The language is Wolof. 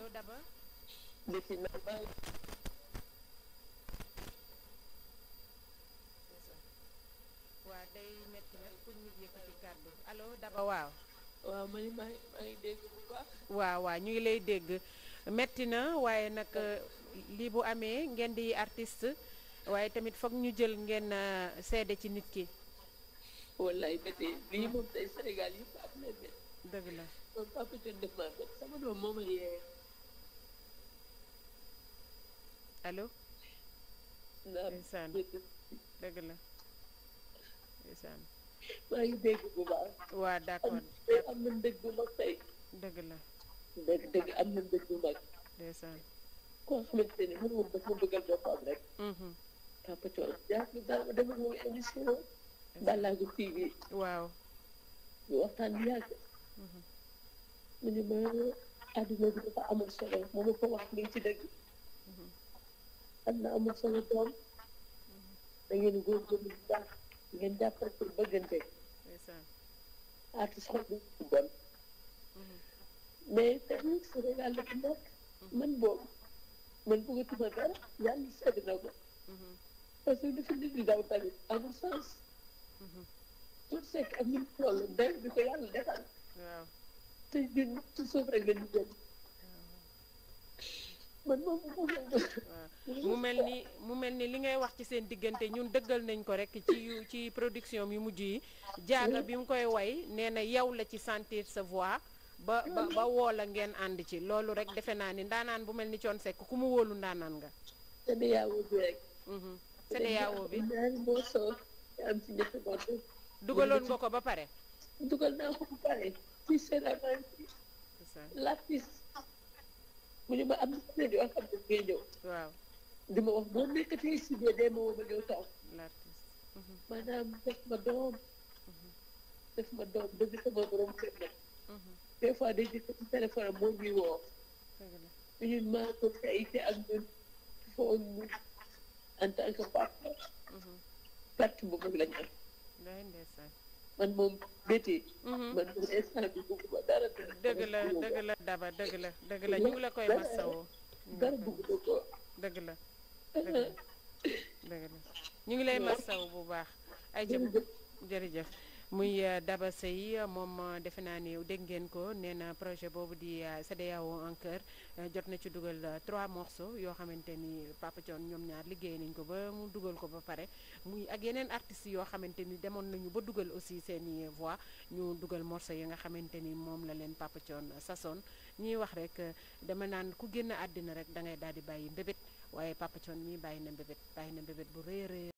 allo Daba. waaw day métti nag pour ñu yëkkati kàddu allo Daba waaw. waaw man maa dégg bu baax. waaw waaw ñu lay dégg metti na waaye nag euh, lii bu amee ngeen di artiste waaye tamit foog ñu jël ngeen euh, seede ci nit ki. wallaay métti lii moom tey Sénégal yëpp am na allo. ndeysaan dëgg la ndeysaan. maa am na ndëg bu mag tey. dëgg la. dëgg dëgg am na ndëg bu mag. ndeysaan. koo xamante ne mënul woon dafa bëggal boppam mm-hmm. waaw. Mm-hmm. mu ne ma àdduna bi dafa amul solo mu ma wax lii ci dëgg. xam na amul solo doom da ngeen góorgóorlu bu baax ngeen jàppale pour bëggante artiste xol bu bon mais tamit Sénégal la fi nekk man boobu man bëggatuma dara yàlla sedd na ko parce que li fi nit di daw tamit amul sens tout sekk ak ñun lool day bi ko yàlla defal te ñun ci suuf rek la man moom bu mu mel ni mu mel ni li ngay wax ci seen diggante ñun dëggal nañ ko rek ci yu ci production yu mujj yi jaaga bi mu koy way nee na yow la ci sentir sa voix ba ba ba woo ngeen ànd ci loolu rek defe naa ni ndaanaan bu mel ni coon sekk ku mu wóolu ndaanaan nga CEDEAO bi mhm. bi dugaloon nga ko ba pare dugal waaw di ma wax boo nekkatee si biir dee ma woo ma ñëw toog maanaam def ma doom def ma doom bëgg sama des fois day jëkk ci téléphone moom dara dëgg la dëgg la daba dëgg la la ñu la koy masawoo dara bugguma ko dëgg la ñu ngi lay masaw bu baax ay jëm jërëjëf muy euh, Daba Seye moom euh, defe naa ni dégg ngeen ko nee na projet boobu di euh, CEDEAO en cœur jot na ci dugal trois morceaux yoo xamante ni Papa ñoom ñaar liggéey nañ ko ba mu dugal ko ba pare muy ak yeneen artistes yoo xamante ni demoon nañu ba dugal aussi seeni voix ñu dugal morceaux yi nga xamante ni moom la leen Papa Thione sasoon ñuy wax rek dama naan ku génn àddina rek da ngay daal di bàyyi mbébét waaye Papa con mii bàyyi na mbébét bàyyi na mbébét bu rëy